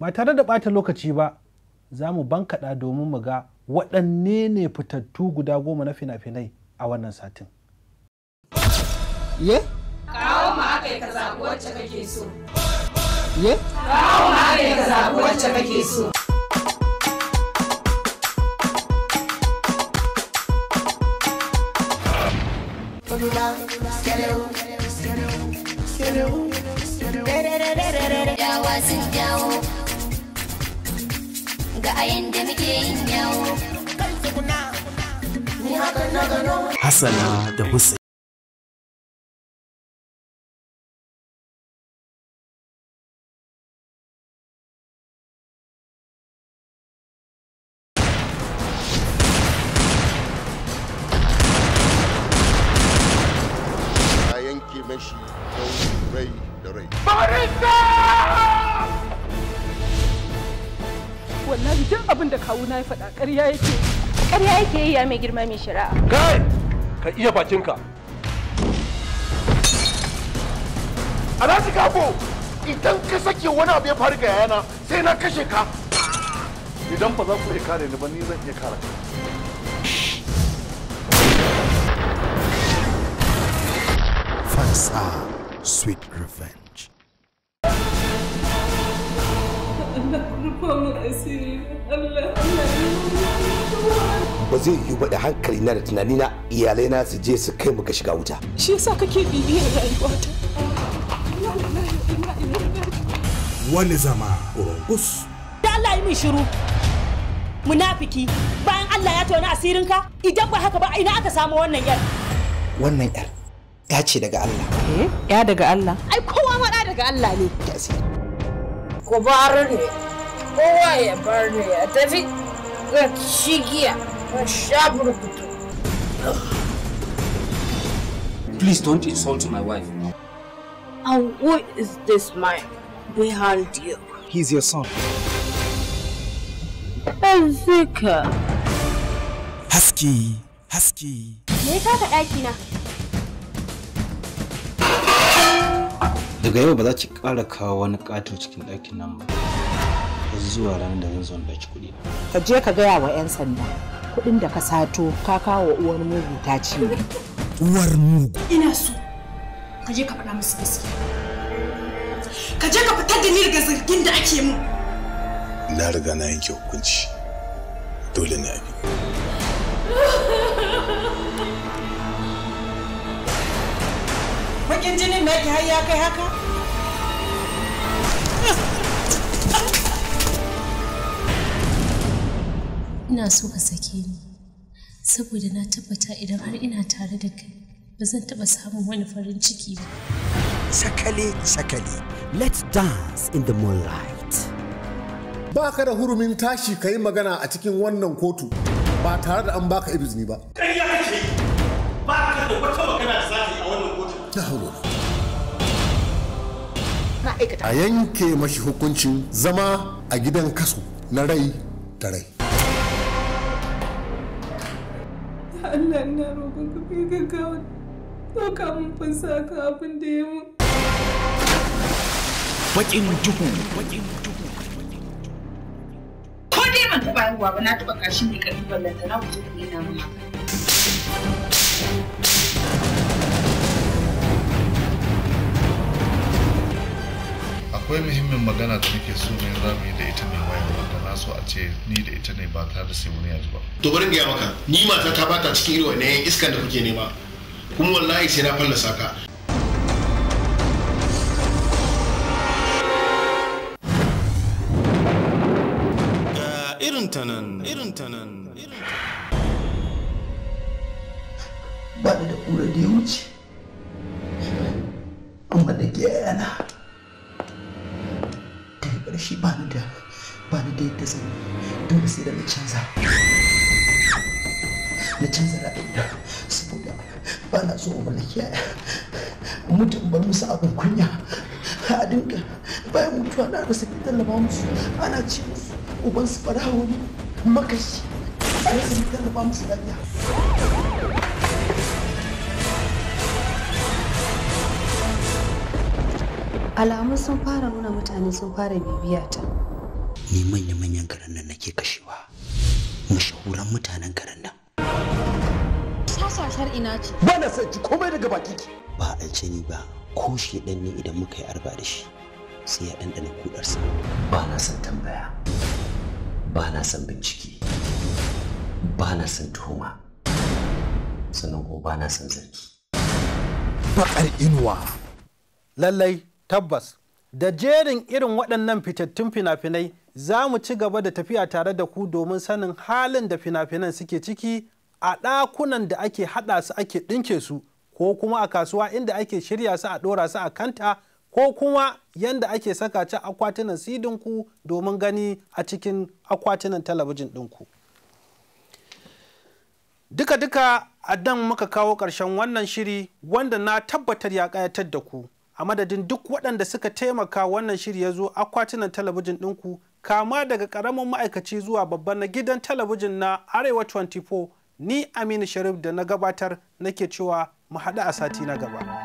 ba tare da bata lokaci ba za mu bankaɗa domin mu ga waɗanne ne fitattu guda goma na fina-finai a wannan satin. Ye? Kawo ma aka yi ka zaɓi wacce kake so. Ye? Kawo ma aka yi ka zaɓi wacce kake so. Yawa sun jawo. ga a yanda muke yin yawo Hassana da Hussein kawuna ya faɗa ƙarya yake ƙarya yake yi ya mai girma mai shari'a kai ka iya bakinka alhaji kafo idan ka sake wani abu ya faru ga yayana sai na kashe ka idan ba za ku iya kare ni ba ni zan iya kare ka Fansa Sweet Revenge. asiri Allah ba zai yiwu ba da hankali na da tunani na iyalai na su je su kai mu ga shiga wuta shi yasa kake bibiyar rayuwata wani zama urungus da Allah yi min shiru munafiki bayan Allah ya tona ka idan ba haka ba ina aka samu wannan yar wannan yar ya ce daga Allah. Eh, ya daga Allah? Ai kowa maɗa daga Allah ne. Ko ba ne. Please don't insult my wife. And who is this man behind you? He's your son. Ezekiel. Husky, Husky. Me ka ka Daga yau ba za ki ƙara kawo wani ƙato cikin ɗakin nan ba. zuwa ranar da zan zo na kuɗi. Ka je ka gaya wa 'yan sanda kuɗin da ka sato ka kawo uwar mugu ta ce. Uwar mugu. Ina so ka je ka faɗa musu gaskiya. Ka je ka fitar da ni daga zargin da ake mu. Na riga na yanke hukunci. Dole ne a bi. Bakin jinin na ki har ya kai haka? ina so ka sake ni saboda na tabbata idan har ina tare da kai ba zan taɓa samun wani farin ciki ba. Sakale, sakale, let's dance in the moonlight. Ba ka da hurumin tashi ka yi magana a cikin wannan kotu ba tare da an baka izini ba. Ƙarya kake ba ka da wata magana da yi a wannan kotu. Na hauro. A yanke mashi hukuncin zama a gidan kaso na rai da rai. Allah ina roƙon ka kai gaggawa ɗauka mun fansa ka abin da ya mun. Baƙin duhu. Ko dai ban taɓa haihuwa ba na taɓa kashin mai ƙarfin ballanta na kuce kuma yana mun Akwai muhimmin magana da nake so ne za mu yi da ita mai wayar magana. na so a ce ni da ita ne ba ta da sai wani yanzu ba to bari gaya maka ni mata ta bata cikin irin wannan iskan da kuke nema kuma wallahi sai na fallasa ka eh, irin ta nan irin ta nan ba da kura da ya wuce amma da gyana daga ƙarshe ba da ba ni da yadda zan dole sai da na canza na canza ra'ayina saboda ba na so mutum bar musu abin kunya a dinka bayan mutuwa na rasa ke tallaba musu ana ce musu uban su fara wani makashi a rasa ke tallaba musu lafiya alamun sun fara nuna mutane sun fara bibiya ta ni manya-manyan garin nan nake kashewa mashahuran mutanen garin nan sasashar ina ce ba na sai komai daga baki ki ba aljani ba ko shi dan ne idan muka yi arba da shi sai ya ɗanɗana kudarsa ba na son tambaya ba na son bincike ba na son tuhuma sannan ko ba na son zargi baƙar inuwa lallai tabbas da jerin irin waɗannan fitattun fina-finai za mu ci gaba da tafiya tare da ku domin sanin halin da fina-finan suke ciki a ɗakunan da ake haɗa su ake ɗinke su ko kuma a kasuwa inda ake shirya su a ɗora su a kanta ko kuma yanda ake saka ci akwatunan sidinku domin gani a cikin akwatunan talabijin ɗinku. Duka-duka a dan muka kawo ƙarshen wannan shiri wanda na tabbatar ya ƙayatar da ku a madadin duk waɗanda suka taimaka wannan shiri ya zo akwatunan talabijin ɗinku kama daga karamin ma'aikaci zuwa babban na gidan talabijin na arewa 24 ni aminu sharif da na gabatar nake cewa mu haɗu a sati na gaba.